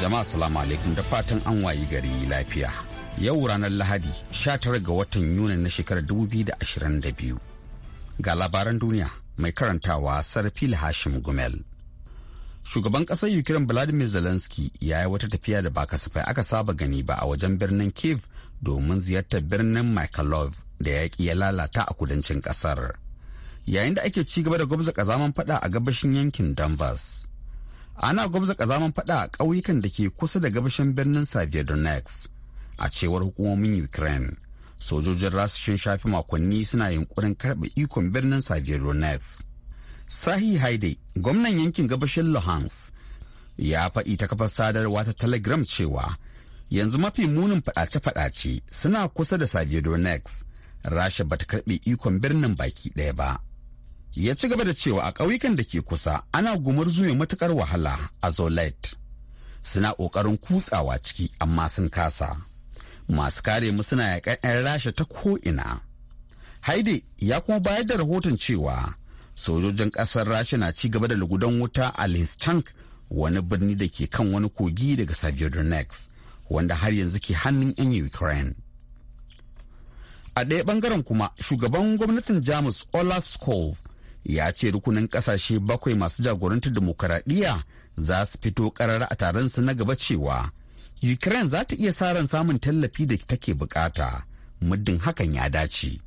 jama'a salamu alaikum da fatan an wayi gari lafiya. Yau ranar Lahadi 19 ga watan Yuni na shekarar 2022. Ga labaran duniya mai karantawa Sarfil Hashim Gumel. Shugaban kasar Ukraine Vladimir Zelensky ya yi wata tafiya da ba kasafai aka saba gani ba a wajen birnin Kiev domin ziyartar birnin Mykolaiv da ya ya lalata a kudancin kasar. Yayin da ake ci gaba da gwamza ƙazaman faɗa a gabashin yankin danvers. ana gwamza kazaman fada a ƙauyukan da ke kusa da gabashin birnin Saviodonex a cewar hukumomin Ukraine. Sojojin rasashin shafi makonni suna yunkurin karɓa ikon birnin Saviodonex. Sahi Haide, gwamnan yankin gabashin Luhansk, ya faɗi ta kafar sadarwa ta Telegram cewa yanzu mafi munin faɗace-faɗace suna kusa da Saviodonex. Rasha bata karɓe ikon birnin baki ɗaya ba. ya ci gaba da cewa a ƙauyukan da ke kusa ana gumar zuwa matuƙar wahala a zolet suna ƙoƙarin kutsawa ciki amma sun kasa masu kare mu suna yaƙan 'yan rasha ta ko'ina haide ya kuma bayar da rahoton cewa sojojin ƙasar rasha na ci gaba da lugudan wuta a listank wani birni da ke kan wani kogi daga sabiodonex wanda har yanzu ke hannun 'yan ukraine a ɗaya ɓangaren kuma shugaban gwamnatin jamus olaf skov ya ce rukunin kasashe bakwai masu jagorantar demokuraɗiyya za su fito karara a taron su na gaba cewa ukraine za ta iya ran samun tallafi da take bukata muddin hakan ya dace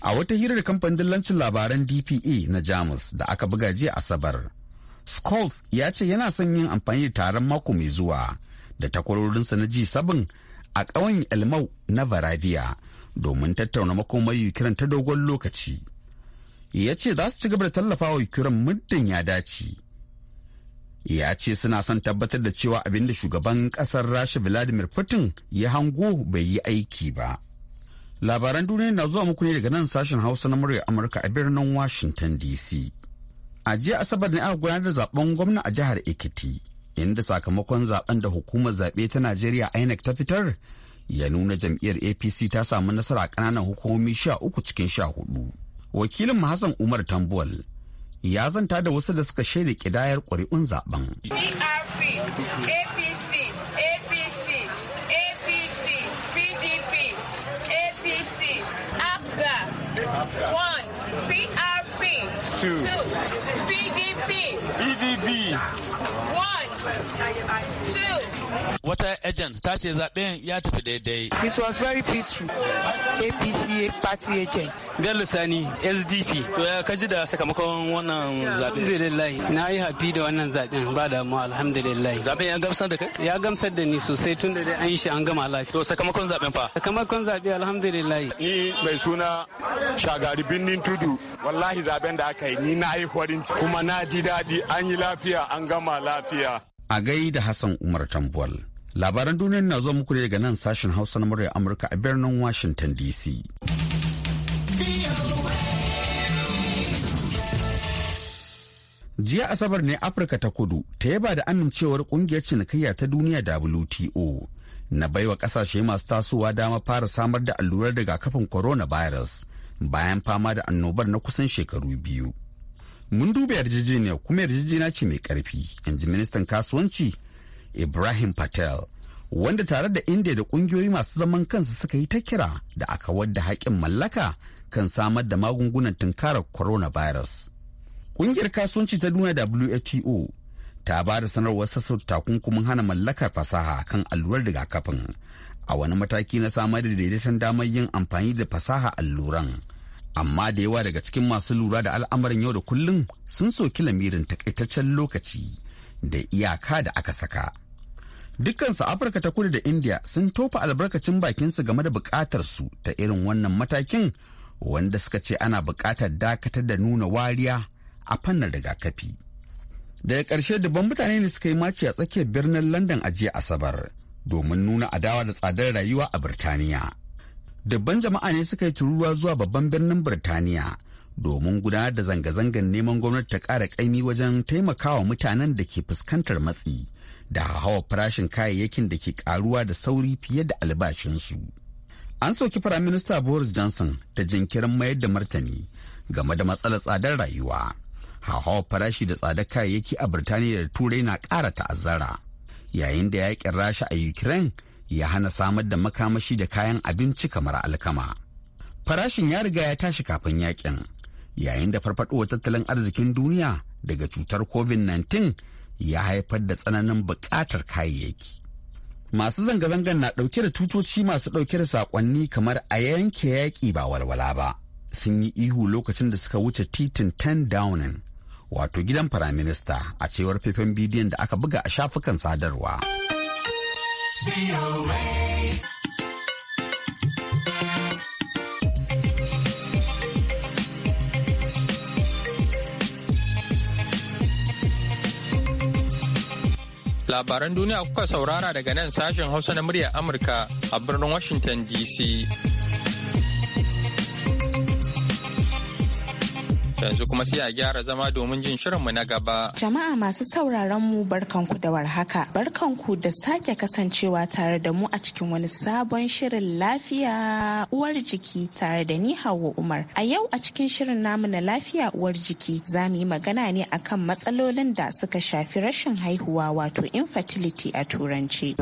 a wata hirar kamfanin dillancin labaran dpa e na jamus da aka buga jiya asabar scholz ya ce yana son yin amfani da taron mako mai zuwa da takwarorinsa na ji 7 a ƙauyen elmau na varavia domin tattauna makomar ukraine ta dogon lokaci ya ce za su ci gaba da tallafawa ukraine muddin ya dace ya ce suna son tabbatar da cewa abin da shugaban kasar rasha vladimir putin ya hango bai yi aiki ba labaran duniya na zuwa muku ne daga nan sashen hausa na murya amurka a birnin washington dc a jiya asabar ne aka gudanar da zaben gwamna a jihar ekiti inda sakamakon zaben da hukumar zaɓe ta najeriya inec ta fitar ya nuna jam'iyyar apc ta samu nasara ƙananan hukumomi sha uku cikin sha hudu wakilin Hassan Umar Tambuwal ya zanta da wasu da suka shaida kidayar ƙuri'un zaben. APC, APC, APC, PDP, APC, APGA, 1, 2, wata agent ta ce zaben ya tafi daidai. This was very peaceful. APC party agent. Bello Sani SDP to ya kaji da sakamakon wannan zaɓe. Alhamdulillah na yi hafi da wannan zaben ba da mu alhamdulillah. Zaben ya gamsar da kai? Ya gamsar da ni sosai tun da dai an yi shi an gama lafiya. To sakamakon zaben fa? Sakamakon zaɓe alhamdulillah. Ni mai suna Shagari Bindin Tudu wallahi zaɓen da aka yi ni na yi horin kuma na ji daɗi an yi lafiya an gama lafiya. A gaida da Hassan Umar Tambuwal. Labaran duniyar na zuwa muku ne daga nan sashen Hausa na murya Amurka a birnin Washington DC. Jiya Asabar ne Afirka ta kudu ta yaba da amincewar kungiyar cinikayya ta duniya WTO na baiwa kasashe masu tasowa dama fara samar da allurar daga kafin coronavirus bayan fama da annobar na kusan shekaru biyu. Mun duba yarjejeniya kuma yarjejeniya ce mai karfi, in ji ministan kasuwanci Ibrahim Patel wanda tare da India da kungiyoyi masu zaman kansu suka yi ta kira da aka wadda haƙƙin mallaka kan samar da magungunan tunkarar coronavirus. Kungiyar kasuwanci ta duniya WHO e ta ba da sanarwar sassauta takunkumin hana mallakar fasaha kan allurar rigakafin a wani mataki na samar da daidaiton damar yin amfani da fasaha alluran. Amma da yawa daga cikin masu lura da al'amarin yau da kullum sun soki lamirin takaitaccen lokaci da iyaka da aka saka. Dukkansu Afirka ta kudu da Indiya sun tofa albarkacin bakinsu game da bukatar su ta irin wannan matakin wanda suka ce ana bukatar dakatar da nuna wariya a fannin rigakafi. Daga ƙarshe dubban mutane ne suka yi maci a tsakiyar birnin London a jiya Asabar domin nuna adawa da tsadar rayuwa a Birtaniya. Dubban jama'a ne suka yi tururuwa zuwa babban birnin Birtaniya domin gudanar da zanga-zangar neman gwamnati ta ƙara ƙaimi wajen taimakawa mutanen da ke fuskantar matsi. da hawa farashin kayayyakin da ke karuwa da sauri fiye da albashinsu. An soki Firaminista Boris Johnson da jinkirin mayar da martani game da matsalar tsadar rayuwa. Hawa farashi da tsadar kayayyaki a Birtaniya da Turai na ƙara ta'azzara. Yayin da yakin Rasha a Ukraine ya hana samar da makamashi da kayan abinci kamar alkama. Farashin ya riga ya tashi kafin yakin, yayin da farfadowar tattalin arzikin duniya daga cutar COVID-19 ya haifar da tsananin buƙatar kayayyaki masu zanga-zangar na ɗauke da tutoci masu ɗauke da saƙonni kamar a yanke yaƙi ba walwala ba sun yi ihu lokacin da suka wuce titin 10 downing wato gidan firaminista a cewar faifan bidiyon da aka buga a shafukan sadarwa. Labaran duniya kuka saurara daga nan sashen Hausa na muryar Amurka a birnin Washington DC. Yanzu kuma sai a gyara zama domin jin shirinmu na gaba. Jama'a masu sauraron mu barkanku da warhaka. Barkanku da sake kasancewa tare da mu a cikin wani sabon shirin lafiya uwar jiki tare da ni Hauwa Umar. A yau a cikin shirin namu na lafiya uwar jiki za mu yi magana ne akan matsalolin da suka shafi rashin haihuwa wato infertility a turanci.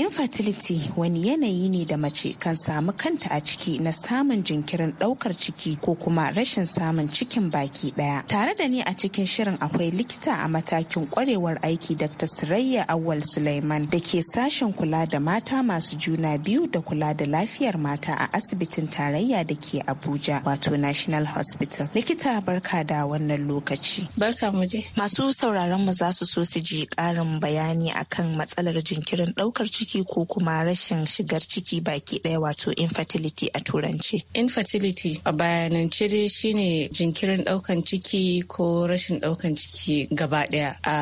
infertility wani yanayi ne da mace kan samu kanta a ciki na samun jinkirin daukar ciki ko kuma rashin samun cikin baki daya tare da ni a cikin shirin akwai likita a matakin kwarewar aiki dr sirayya awal suleiman da ke sashen kula da mata masu juna biyu da kula da lafiyar mata a asibitin tarayya da ke abuja wato national hospital likita barka da wannan lokaci barka mu je masu sauraron mu za su so su ji karin bayani akan matsalar jinkirin daukar ciki ciki ko kuma rashin shigar ciki baki ɗaya wato infertility a turanci Infertility a bayanance dai shine jinkirin ɗaukan ciki ko rashin ɗaukan ciki gaba ɗaya a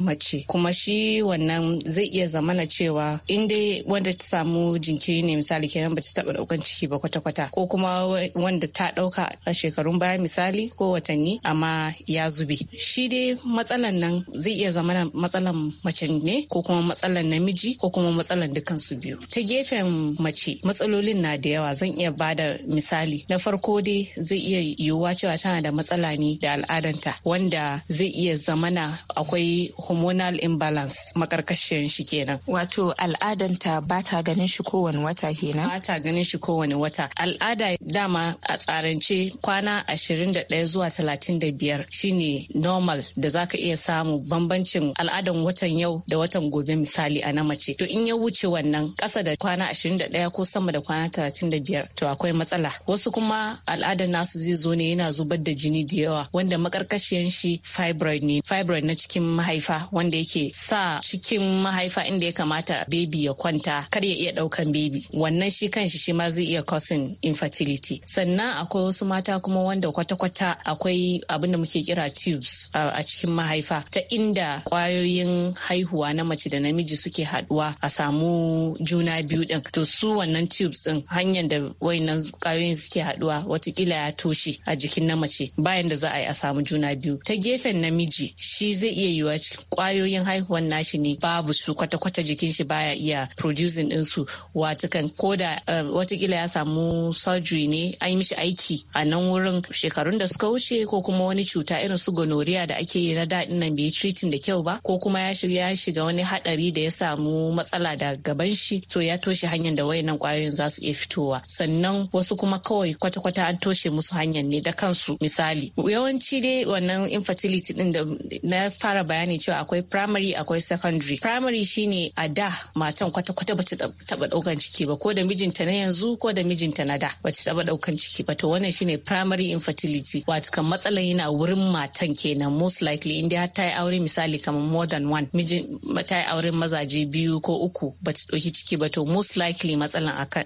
mace. Kuma shi wannan zai iya zamana cewa in dai wanda ta samu jinkiri ne misali kenan bata taɓa ɗaukan ciki ba kwata-kwata ko kuma wanda ta ɗauka a shekarun baya misali ko watanni amma ya zube. Shi dai matsalan nan zai iya zamana matsalan mace ne ko kuma matsalan namiji ko kuma matsalan dukan su biyu ta gefen mace matsalolin na da yawa zan iya bada misali na farko dai zai iya yiwuwa cewa tana da matsala ne da al'adanta wanda zai iya zamana akwai hormonal imbalance makarkashiyar shi kenan wato al'adanta ba ta ganin shi kowane wata kenan ba ta ganin shi kowane wata al'ada dama a tsarance kwana 21 zuwa 35 shine normal da zaka iya samu bambancin al'adan watan yau da watan gobe misali a na mace to in an ya wuce wannan ƙasa da kwana 21 ko sama da kwana 35 to akwai matsala wasu kuma al'adar nasu zai zo ne yana zubar da jini da yawa wanda makarkashiyan shi fibroid ne fibroid na cikin mahaifa wanda yake sa cikin mahaifa inda ya kamata baby ya kwanta kar ya iya daukan baby wannan shi kanshi shi ma zai iya causing infertility sannan akwai wasu mata kuma wanda kwata-kwata akwai abin da muke kira tubes a cikin mahaifa ta inda kwayoyin haihuwa na mace da namiji suke haɗuwa a samu juna biyu din to su wannan tubes din hanyar da wayannan kwayoyin suke haduwa watakila ya toshe a jikin na mace bayan da za a yi a samu juna biyu ta gefen namiji shi zai iya yiwa kwayoyin haihuwar nashi ne babu su kwata-kwata jikin shi baya iya producing din su watakan koda eh, watakila ya samu surgery ne an yi mishi aiki a nan wurin shekarun da suka wuce ko kuma wani cuta irin su gonorrhea da ake yi na daɗin nan bai treating da kyau ba ko kuma ya shiga wani haɗari da ya samu matsala matsala da gaban shi to ya toshe hanyar da wayannan kwayoyin za su iya fitowa sannan wasu kuma kawai kwata-kwata an toshe musu hanyar ne da kansu misali yawanci dai wannan infertility din da na fara bayani cewa akwai primary akwai secondary primary shine a da matan kwata-kwata bata taba daukan ciki ba ko da mijinta na yanzu ko da mijinta na da bata taba daukan ciki ba to wannan shine primary infertility wato kan matsalan yana wurin matan kenan most likely in dai ta yi aure misali kamar more than one mijin ta yi auren mazaje biyu ko uku uku ba ta ɗauki ciki ba to most likely matsalan a ta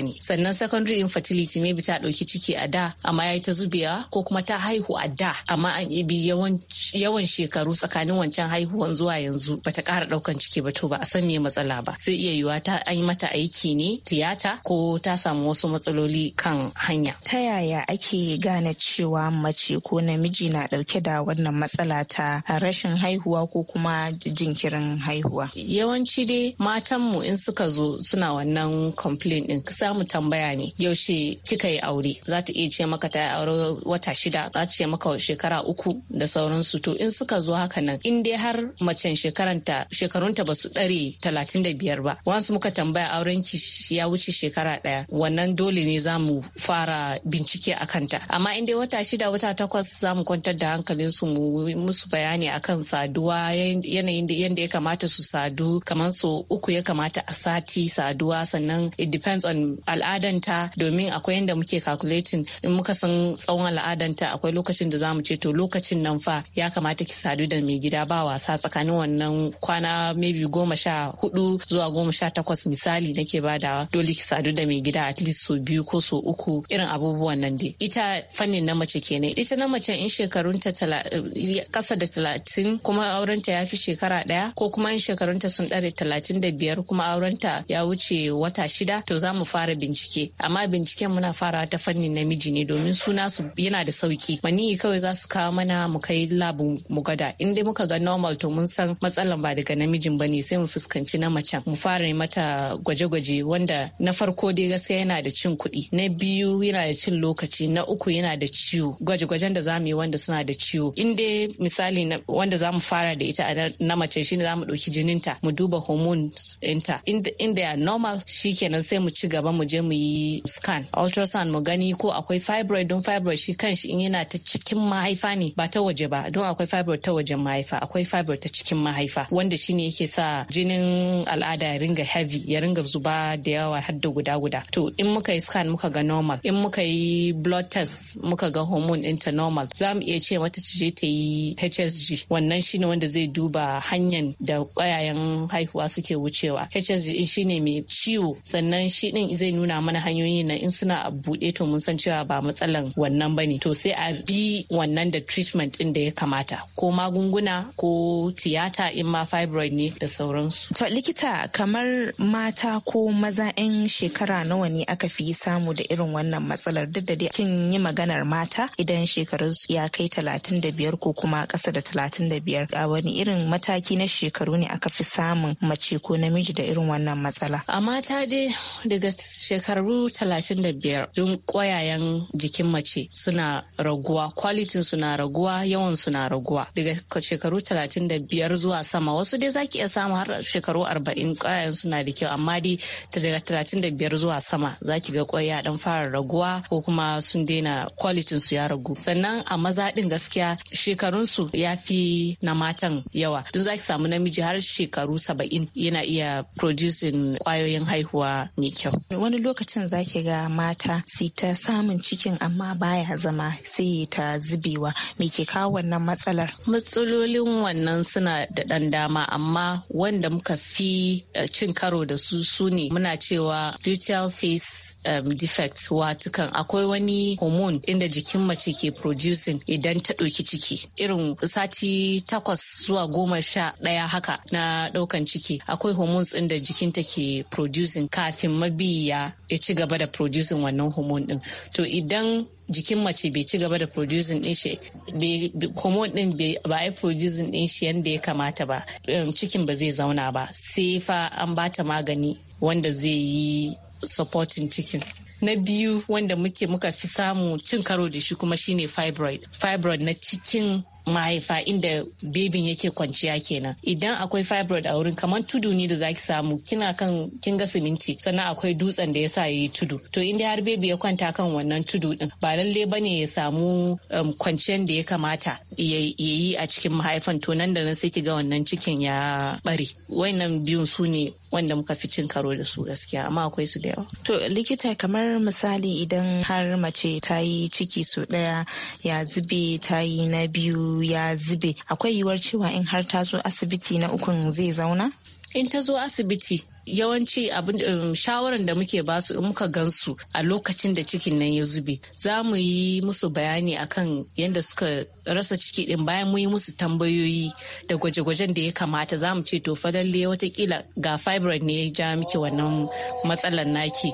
ne sannan secondary infertility maybe ta ɗauki ciki a da amma yayi ta zubewa ko kuma ta haihu a da amma an bi yawan shekaru tsakanin wancan haihuwan zuwa yanzu ba ta ƙara ɗaukan ciki ba to ba a san me matsala ba zai iya yiwuwa ta an yi mata aiki ne tiyata ko ta samu wasu matsaloli kan hanya. Ta yaya ake gane cewa mace ko namiji na ɗauke da wannan matsala ta rashin haihuwa ko kuma jinkirin haihuwa? Yawanci dai matanmu in suka zo suna wannan complain din za mu tambaya ne yaushe kika yi aure za ta iya ce maka ta yi aure wata shida za ta ce maka shekara uku da sauransu to in suka zo haka nan in dai har mace shekaranta shekarunta ba su ɗare talatin da biyar ba wasu muka tambaya auren ki ya wuce shekara ɗaya wannan dole ne za mu fara bincike a kanta amma in dai wata shida wata takwas za mu kwantar da hankalinsu mu musu bayani akan saduwa yanayin da yanda ya kamata su sadu kamar su uku ya kamata a sati saduwa sannan it depends on al'adanta domin akwai yadda muke calculating in muka san tsawon al'adanta akwai lokacin da zamu ce to lokacin nan fa ya kamata ki sadu da mai gida ba wasa tsakanin wannan kwana maybe goma sha hudu zuwa goma sha takwas misali nake badawa dole ki sadu da mai gida at least so biyu ko so uku irin abubuwan nan dai ita fannin na mace kenan ita na mace in shekarunta kasa eh, da talatin kuma aurenta ya fi shekara daya ko kuma in shekarunta sun dare talatin da biyar kuma aurenta ya wuce wata shida to za mu fara bincike amma binciken muna farawa ta fannin namiji ne domin suna su yana da sauki maniyi kawai za su kawo mana mu kai labu mu gada in dai muka ga normal to mun san matsalan ba daga namijin ba ne sai mu fuskanci na macen mu fara mata gwaje-gwaje wanda na farko dai gaskiya yana da cin kuɗi na biyu yana da cin lokaci na uku yana da ciwo gwaje-gwajen da za mu yi wanda suna da ciwo in dai misali wanda za mu fara da ita na mace shine za mu ɗauki jininta mu duba hormone symptoms ɗinta in they are normal shikenan sai mu ci gaba mu je mu yi scan ultrasound mu gani ko akwai fibroid don fibroid shi kanshi in yana ta cikin mahaifa ne ba ta waje ba don akwai fibroid ta wajen mahaifa akwai fibroid ta cikin mahaifa wanda shi ne yake sa jinin al'ada ya ringa heavy ya ringa zuba da yawa har da guda guda to in muka yi scan muka ga normal in muka yi blood test muka ga hormone ɗinta normal za mu iya ce mata ta je ta yi HSG wannan shine wanda zai duba hanyar da ƙwayayen haihuwa suke suke wucewa hsg shine mai ciwo sannan shi din zai nuna mana hanyoyi na in suna a buɗe to mun san cewa ba matsalan wannan bane to sai a bi wannan da treatment din da ya kamata ko magunguna ko tiyata in ma fibroid ne da sauransu to likita kamar mata ko maza 'yan shekara nawa ne aka fi samu da irin wannan matsalar duk da kin yi maganar mata idan shekarun ya kai talatin da biyar ko kuma ƙasa da talatin da biyar a wani irin mataki na shekaru ne aka fi samun mace ko namiji da irin wannan matsala? A mata dai daga shekaru 35 don kwayayen jikin mace suna raguwa, kwalitin suna raguwa, yawan suna raguwa. Daga shekaru 35 zuwa sama wasu dai zaki iya samu har shekaru 40 kwayayen suna da kyau amma dai daga 35 zuwa sama zaki ga kwaya dan fara raguwa ko kuma sun daina kwalitin su ya ragu. Sannan a maza din gaskiya shekarun su ya fi na matan yawa. Don zaki samu namiji har shekaru 70 yana iya producing kwayoyin haihuwa mai kyau. Wani lokacin zaki ga mata sai ta samun cikin amma baya zama sai ta zubewa me ke kawo wannan matsalar. Matsalolin wannan suna da ɗan dama amma wanda muka fi eh, cin karo da su su ne muna cewa luteal face um, defect watukan akwai wani hormone inda jikin mace ke producing idan ta ɗauki ciki irin sati takwas zuwa goma sha ɗaya haka na ɗaukan ciki akwai hormones ɗin da jikin take producing kafin mabiya ya ci gaba da producing wannan hormone ɗin to idan jikin mace bai ci gaba da producing ɗin shi hormone ɗin ba a producing ɗin shi yadda ya kamata ba um, cikin ba zai zauna ba sai fa an bata magani wanda zai yi supporting cikin na biyu wanda muke muka fi samu cin karo da shi kuma shine fibroid fibroid na cikin mahaifa inda bebin yake kwanciya kenan idan akwai fibroid a wurin kamar tudu ne da zaki samu kina kan kin ga siminti sannan akwai dutsen da yasa yayi tudu to inda har bebi ya kwanta kan wannan tudu din ba lalle bane ya samu um, kwanciyar da ya kamata yayi a cikin mahaifan to nan da nan sai ki ga wannan cikin ya bari wayannan biyun su ne wanda muka fi cin karo da su gaskiya amma akwai su da yawa. To likita kamar misali idan har mace ta yi ciki su ɗaya ya zube ta yi na biyu ya zube akwai yiwuwar cewa in har ta zo asibiti na ukun zai zauna? In ta zo asibiti yawanci abin um, shawaran da muke basu in muka gansu a lokacin da cikin nan ya zube za mu yi musu bayani akan yadda suka rasa ciki din bayan mu yi musu tambayoyi da gwaje-gwajen da ya kamata za mu ce to fadalle watakila ga fibroid ne ya ja miki wannan matsalar naki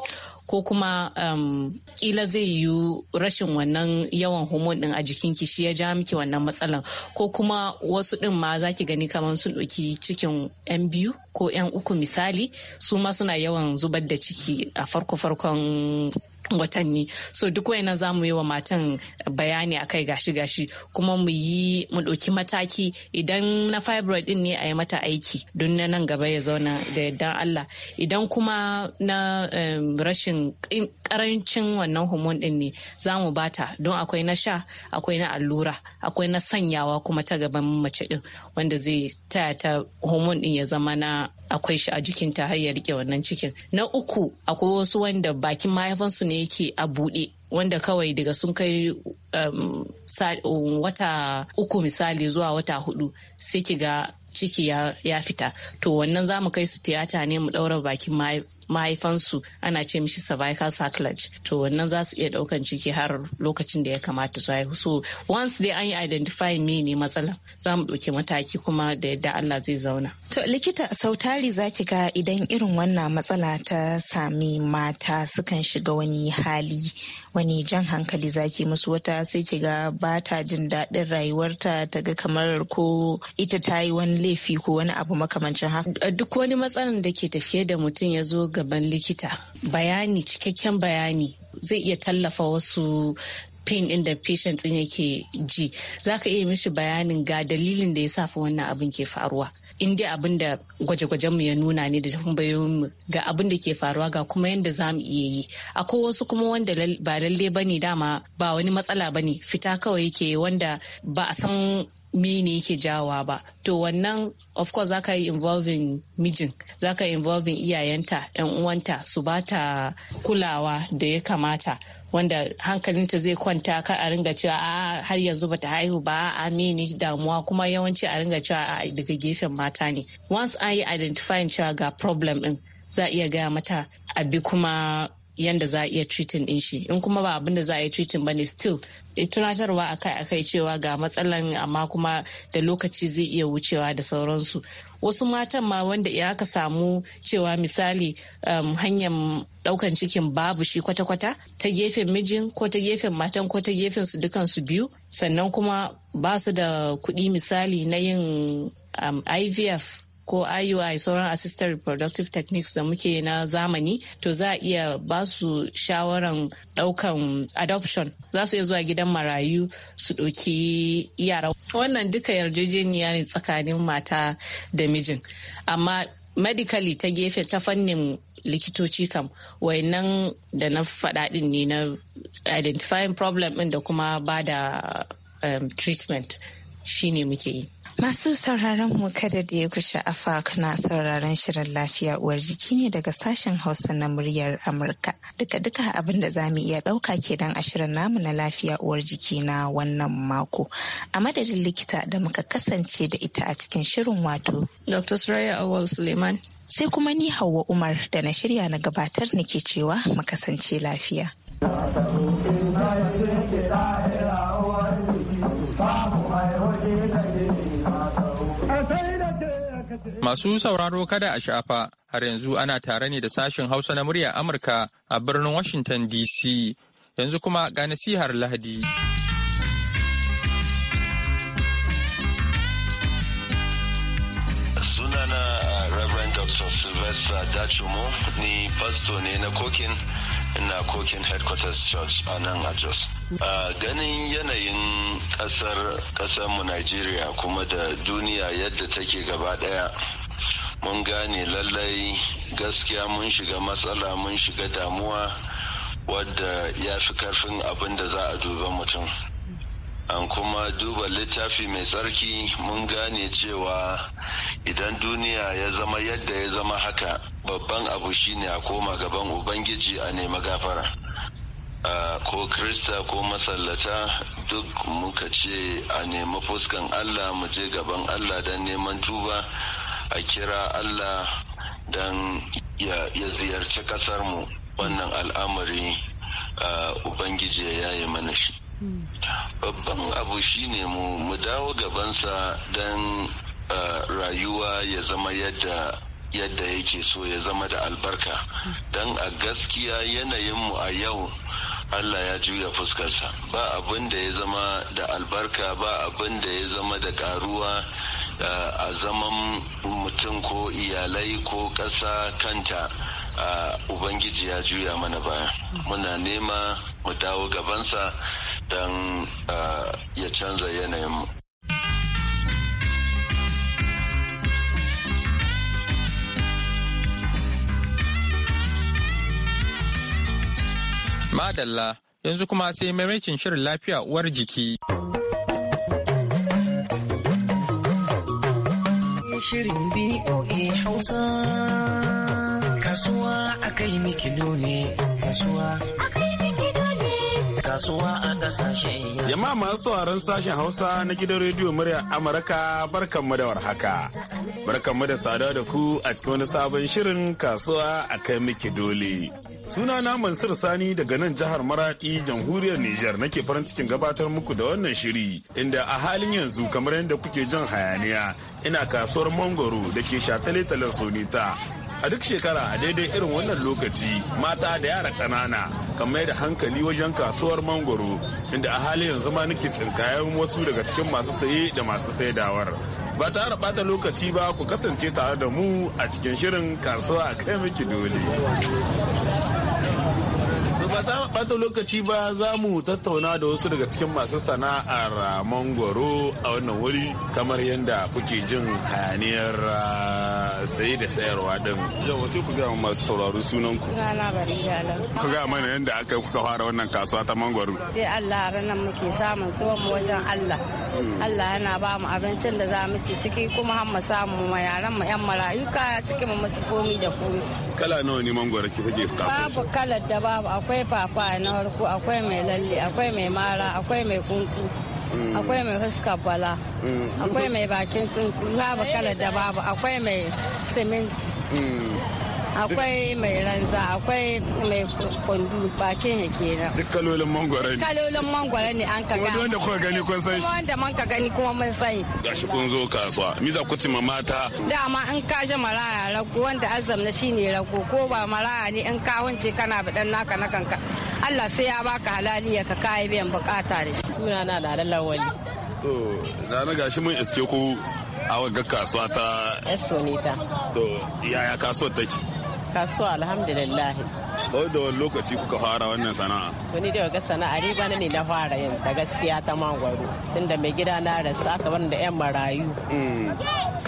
ko kuma um, kila zai yiwu rashin wannan yawan homon din a jikinki shi ya ja miki wannan matsalan ko kuma wasu din ma za ki gani kamar sun ɗauki cikin yan biyu ko yan uku misali su ma suna yawan zubar da ciki a farko-farkon watanni so duk wayannan za mu yi wa matan bayani a kai gashi gashi kuma mu yi mu ɗauki mataki idan na fibroid din ne a yi mata aiki don na nan gaba ya zauna da yadda Allah idan kuma na rashin karancin wannan hormone din ne za mu bata don akwai na sha akwai na allura akwai na sanyawa kuma ta gaban mace din wanda zai taya ta hormone din ya zama na akwai shi a jikinta har ya rike wannan cikin na uku akwai wasu wanda bakin mahaifansu ne ne yake a buɗe wanda kawai daga sun kai um, um, wata uku misali zuwa wata hudu sai ki ga ciki ya fita to wannan za mu kai su tiyata ne mu ɗaura bakin mahaifansu ana ce mishi cervical sacrilege to wannan za su iya ɗaukan ciki har lokacin da ya kamata su haihu so once dai an yi identify me ne matsala za mu ɗauki mataki kuma da yadda Allah zai zauna. To likita sautari za ki ga idan irin wannan matsala ta sami mata sukan shiga wani hali wani jan hankali zaki musu wata sai ki ga ba ta jin daɗin rayuwarta ta ga kamar ko ita ta yi wani laifi ko wani abu makamancin haka. Duk wani matsalar da ke tafiye da mutum ya zo gaban likita bayani cikakken bayani zai iya tallafa wasu pain in da patient yake ji zaka iya mishi bayanin ga dalilin da ya sa fa wannan abin ke faruwa in dai abin da gwaje-gwajen mu ya nuna ne da tambayoyin mu ga abin da ke faruwa ga kuma yadda za mu iya yi akwai wasu kuma wanda ba lalle ba bane dama ba wani matsala ba ne. fita kawai yake wanda ba a san mene yake jawa ba to wannan of course zaka yi involving mijin zaka yi involving iyayenta yan uwanta su bata kulawa da ya kamata wanda hankalinta zai kwanta ka a ringa cewa a har yanzu bata haihu ba Amini damuwa kuma yawanci a ringa cewa a daga gefen mata ne once an yi identifying cewa ga problem din za a iya gaya mata abi kuma yanda za a iya treating din shi in kuma ba abin da za a yi ba ne still eh, tunatarwa akai-akai cewa ga matsalan amma kuma da lokaci zai iya wucewa da sauransu wasu matan ma wanda ya aka samu cewa misali um, hanyar daukan cikin babu shi kwata-kwata ta gefen mijin ko ta gefen matan ko ta gefen su dukansu biyu sannan kuma ba su da kuɗi misali na yin um, ivf ko IUI sauran assisted reproductive techniques da muke na zamani to za a iya ba su shawaran daukan adoption za su iya zuwa gidan marayu su ɗauki yara wannan duka yarjejeniya ne tsakanin mata da mijin amma medically ta gefe ta fannin likitoci kam wayannan da na faɗaɗin ne na identifying problem ɗin da kuma ba da um, treatment shine muke yi Masu sauraron mu kada da ya kusha afa kana sauraron shirin lafiya uwar jiki ne daga sashen Hausa na muryar Amurka. Duka-duka abin da za mu iya ɗauka kenan a shirin namu na lafiya uwar jiki na wannan mako. A madadin likita da muka kasance da ita a cikin shirin wato. Dr. Suraya Awal Suleiman. Sai kuma ni Hauwa Umar da na shirya na gabatar nake cewa mu kasance lafiya. Masu sauraro kada a shafa har yanzu ana tare ne da sashen Hausa na murya Amurka a birnin Washington DC. Yanzu kuma ga nasihar Lahadi. Sunana uh, Reverend Dr. Sylvester Dachumo ni pasto ne na kokin na kokin headquarters church a nan a Jos. Ganin yanayin kasar mu Nigeria kuma da duniya yadda take gaba daya mun gane lallai gaskiya mun shiga matsala mun shiga damuwa wadda ya fi karfin abin da za a duba mutum an kuma duba littafi mai tsarki mun gane cewa idan duniya ya zama yadda ya zama haka babban abu shine a koma gaban ubangiji a nema gafara ko krista ko masallata duk muka ce a nemi fuskan allah mu je gaban allah don neman tuba a kira allah don ya ziyarci mu wannan al'amari ubangiji ya yaye mana shi hmm. babban abu shine mu mu dawo gabansa don rayuwa ya zama yadda yadda yake so ya zama da albarka don a gaskiya yanayinmu a yau Allah ya juya fuskarsa ba abin da ya zama da albarka ba abin da ya zama da karuwa a zaman mutum ko iyalai ko ƙasa kanta ubangiji ya juya mana baya muna nema mu dawo gabansa don ya canza yanayin mu. madalla yanzu kuma sai maimakin shirin lafiya uwar jiki. shirin BOA Hausa. Kasuwa a kai miki dole. kasuwa a kai kasuwa a kasashe. Jama'a masu sauraron sashen Hausa na gidan rediyo murya Amurka mu da warhaka. mu da sada da ku a cikin wani sabon shirin kasuwa a kai miki dole. suna na Mansur Sani daga nan jihar maraɗi jamhuriyar Nijar nake farin cikin gabatar muku da wannan shiri inda a halin yanzu kamar yadda kuke jan hayaniya ina kasuwar mangoro da ke shataletalen sonita. A duk shekara a daidai irin wannan lokaci mata da yara ƙanana kan mai da hankali wajen kasuwar mangoro inda a halin yanzu ma nake tsinkayen wasu daga cikin masu saye da masu saidawar. ba tare bata lokaci ba ku kasance tare da mu a cikin shirin kasuwa kai miki dole. ba ta bata lokaci ba za mu tattauna da wasu daga cikin masu sana'ar ah, mangoro a wannan wuri kamar yadda kuke jin hayaniyar ah, sayi da sayarwa din. Yau sai ku gaya masu sauraro sunan ku. Ku gaya mana yadda aka yi kuka fara wannan kasuwa ta mangoro. Dai Allah ranar muke samun tuwon wajen Allah. Hmm. Allah yana ba mu abincin da za mu ci ciki kuma har mu samu ma yaran mu yan marayuka cikin mu musu komi da komi. Kala nawa ne mangoro kike kasuwa? Babu kala da babu akwai kwakwai na harko akwai mai lalle akwai mai mara akwai mai kunku mm. akwai mai huska bala mm. akwai mai bakin tsuntsu babu kalar da babu akwai mai siminti mm. akwai mai ranza akwai mai kundu bakin ya kenan duk kalolin mangwara ne kalolin mangwara ne an ka gani kuma wanda kuka gani kun san shi wanda man ka gani kuma mun sani gashi kun zo kasuwa mi za ku ci ma mata dama in ka ji maraya rago wanda azam na shine rago ko ba maraya ne in ka wance kana bidan naka na kanka Allah sai ya baka halaliya ka kai biyan bukata da shi na da lallawali to na gashi mun iske ku a wagga kasuwa ta esonita to yaya kasuwar take kasuwa alhamdulillah ko da wani lokaci kuka fara wannan sana'a wani da ga sana'a riba ne na fara yin da gaskiya ta mangwaro tunda mai gida na rasu aka bar da yan marayu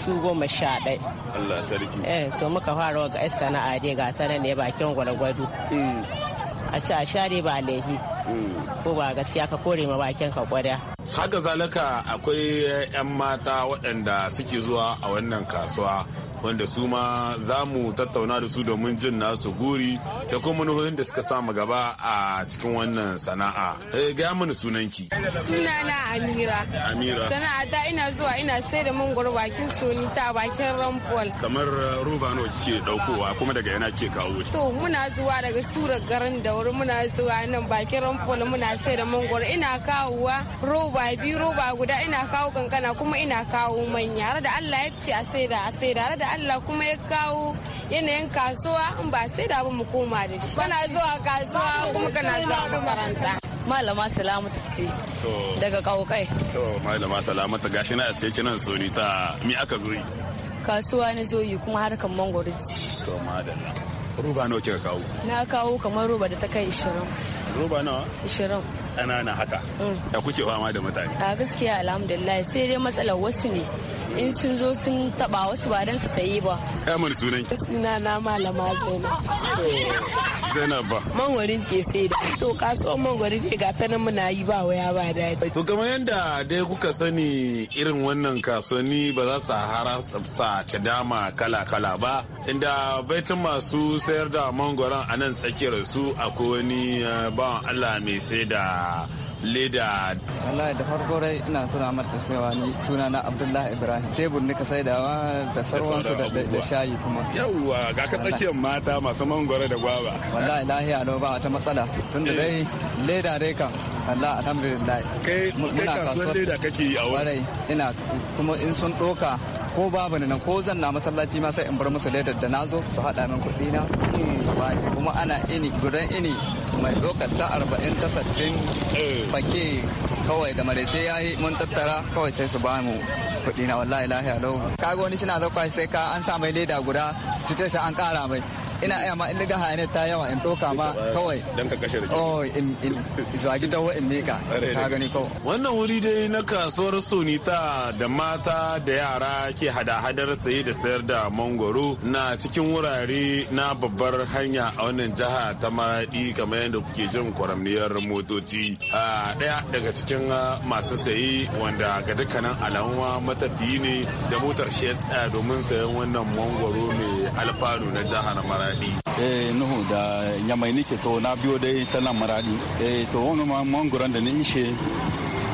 su goma sha ɗai Allah sarki eh to muka fara ga sana'a dai ga ta ne bakin gwalgwado a ci a share ba lehi. ko ba gaskiya ka kore ma bakin ka kwada haka zalaka akwai 'yan mata waɗanda suke zuwa a wannan kasuwa wanda su ma za mu tattauna da su domin jin nasu guri da kuma manuhohin da suka samu gaba a cikin wannan sana'a. Eh, gaya mana sunanki. Sunana Amira. Amira. Sana'ata ina zuwa ina sai da mangwaro bakin ta bakin Rampol. Kamar uh, roba nawa kike daukowa kuma daga yana ke kawo. To muna zuwa daga sura garin dauri muna zuwa nan bakin Rampol muna sai da mangoro ina kawowa roba biyu roba guda ina kawo kankana kuma ina kawo manya. Har da Allah ya ce a sai da a sai da Allah kuma ya kawo yanayin kasuwa in ba sai da mu koma da shi kana zuwa kasuwa kuma kana zuwa makaranta malama salamatu ce daga kaukai to malama salamatu gashi na sai kinan soni ta mi aka zo yi kasuwa na zo yi kuma harkan mangoro ce to madalla roba nawa kika kawo na kawo kamar roba da ta kai ishirin. roba nawa Ishirin. ana na haka mm. ya kuke fama da mutane a gaskiya alhamdulillah sai dai matsalar wasu ne in sun zo sun taba wasu ba don su sayi ba. Yamar sunan ki. Suna na malama Zainab. Zainab ba. Mangwarin ke sai da. To kasuwan mangwari ne ga ta nan muna yi ba waya ba daɗi. To kamar yadda dai kuka sani irin wannan kasuwanni ba za su hara sa ta dama kala-kala ba. Inda baitin masu sayar da mangwaran a nan tsakiyar su akwai wani eh, bawan Allah mai sai da leda. Wallahi da farko dai ina tuna mata cewa ni suna na Abdullahi Ibrahim. Tebur ka sai da sarwansu da shayi kuma. Yawwa ga ka tsakiyar mata masu mangwara da gwaba. Wallahi lahiya no ba wata matsala. Tunda dai eh. leda dai kan Allah alhamdulillah. Kai kasuwar leda kake yi a wurin. ina kuma in sun doka ko babu nan ko zan na masallaci ma sai in bar musu ledar da nazo su haɗa min kuɗi na kuma ana ini gudan ini mai ɗaukar ta arba'in ta sattin fake kawai da marece ya yi mun tattara kawai sai su ba mu kuɗi na wallahi lahiya lau kaga wani shi na sai ka an sa leda guda su sai an kara mai ina aya ma in daga hayane ta yawa in doka ma kawai dan ka kashe oh in in zagi ta in mika ka gani ko wannan wuri dai na kasuwar sonita da mata da yara ke hada-hadar saye da sayar da mangoro na cikin wurare na babbar hanya a wannan jiha ta maradi kamar yadda kuke jin kwaramniyar motoci a ah, daya daga cikin ah, masu saye wanda ga dukkanin alamuwa matafiyi ne da motar shi domin sayan wannan mangoro mai alfanu na jihar maradi eh nuhu da nyamai nike to na biyo dai ta nan maradi eh to wani mangoran da ni ishe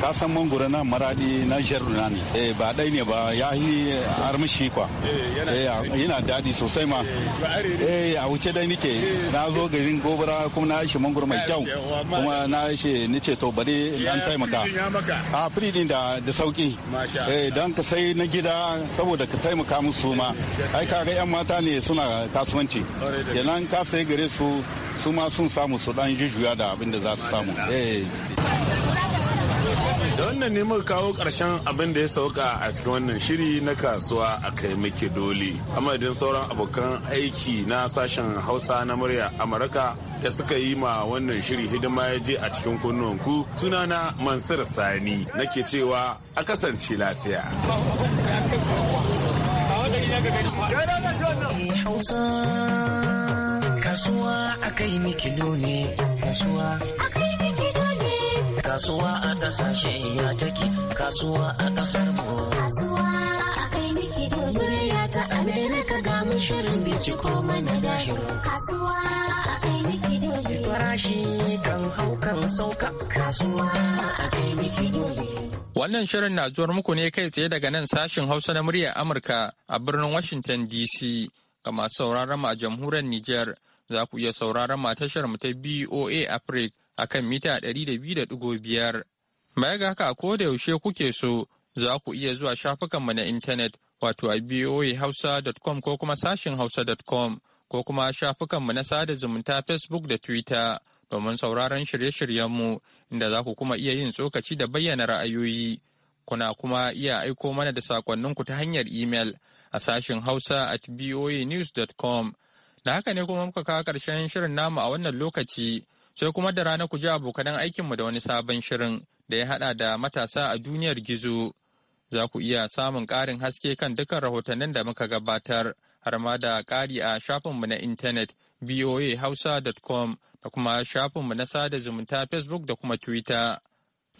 ka san mangoro na maradi na jaruna ne eh ba dai ne ba ya yi armishi kwa eh, eh yana daɗi sosai ma eh, eh a wuce dai nike eh. na zo garin gobara kuma na shi mangoro mai kyau kuma na shi nice to bari dan taimaka a ah, firidin da da sauki eh dan ka sai na gida saboda ka taimaka musu ma ai ga yan mata ne suna kasuwanci kenan ka sai gare su su ma sun samu su dan jujjuya da abin da za su samu eh da wannan ne muka kawo karshen abin da ya sauka a cikin wannan shiri na kasuwa a kai muke dole amadin sauran abokan aiki na sashen hausa na murya amurka da suka yi ma wannan shiri hidima ya je a cikin kunnuwanku sunana mansur sani nake cewa a kasance lafiya eh, kasuwa a kai miki dole kasuwa kasuwa a kasashe ya take kasuwa a kasar mu kasuwa a kai miki ya ta amerika ga mu shirin binciko mana gahir kasuwa a kai miki dole farashi kan hau kan sauka kasuwa a kai miki dole Wannan shirin na zuwar muku ne kai tsaye daga nan sashin Hausa na muryar Amurka a birnin Washington DC. Ga masu sauraron mu a jamhuriyar Nijar za ku iya sauraron mu tashar mu ta BOA Africa a kan mita 200.5. Baya ga haka a da yaushe kuke so za ku iya zuwa shafukanmu na intanet wato a voahausa.com ko kuma sashin hausa.com ko kuma shafukanmu na sada zumunta Facebook da Twitter domin sauraron shirye-shiryenmu inda za ku kuma iya yin tsokaci da bayyana ra'ayoyi. Kuna kuma iya aiko mana da ku ta hanyar imel a sashin hausa at boanews.com Da haka ne kuma muka kawo ƙarshen shirin namu a wannan lokaci. sai kuma da rana ku ji abokanan aikinmu da wani sabon shirin da ya haɗa da matasa a duniyar gizo. Za ku iya samun ƙarin haske kan dukkan rahotannin da muka gabatar har ma da ƙari a shafinmu na intanet voahausa.com da kuma shafinmu na sada zumunta Facebook da kuma Twitter.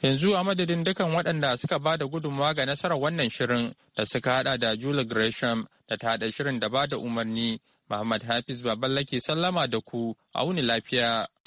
Yanzu a madadin dukkan waɗanda suka ba da gudunmawa ga nasarar wannan shirin da suka hada da Julie Gresham da ta haɗa shirin da ba da umarni, Muhammad Hafiz Baballake sallama da ku, auni lafiya.